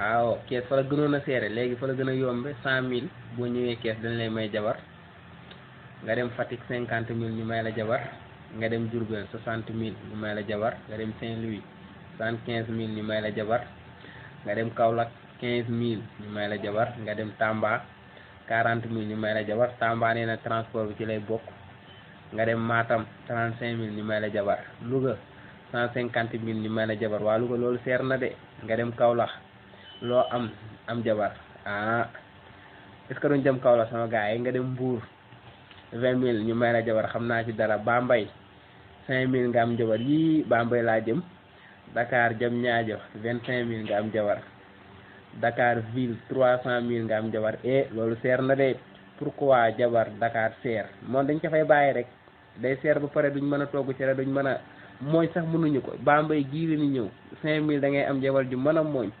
waaw kees fa la gënoon a seere léegi fa la gën a yombe cent mille boo ñëwee kees dañ lay may jabar nga dem Fatick cinquante mille ñu may la jabar nga dem Diourbel soixante mille ñu may la jabar nga dem Saint-Louis soixante quinze mille ni may la jabar nga dem Kaolack quinze mille ñu may la jabar nga dem Tamba quarante mille ñu may la jabar Tamba nee na transport bi ci lay bokk nga dem Matam trente cinq mille ñu may la jabar Louga cent cinquante mille ñu may la jabar waa Louga loolu seer na de nga dem Kaolack lo am am jabar ah est ce que duñ jëm kaw la sama gaay nga dem bour 20000 ñu may la jabar xamna ci dara bambay 5000 nga am jabar yi bambay la jëm dakar jëm ñaajo vingt cinq nga am jabar dakar ville 300000 nga am jabar e lolu ser na de pourquoi jabar dakar ser, mo dañ ca fay ser rek day ser bu pare duñ mëna togu ci cere duñ mëna moy sax mënuñu ko bambay gii ni ñew 5000 da ngay am jabar ju mëna moy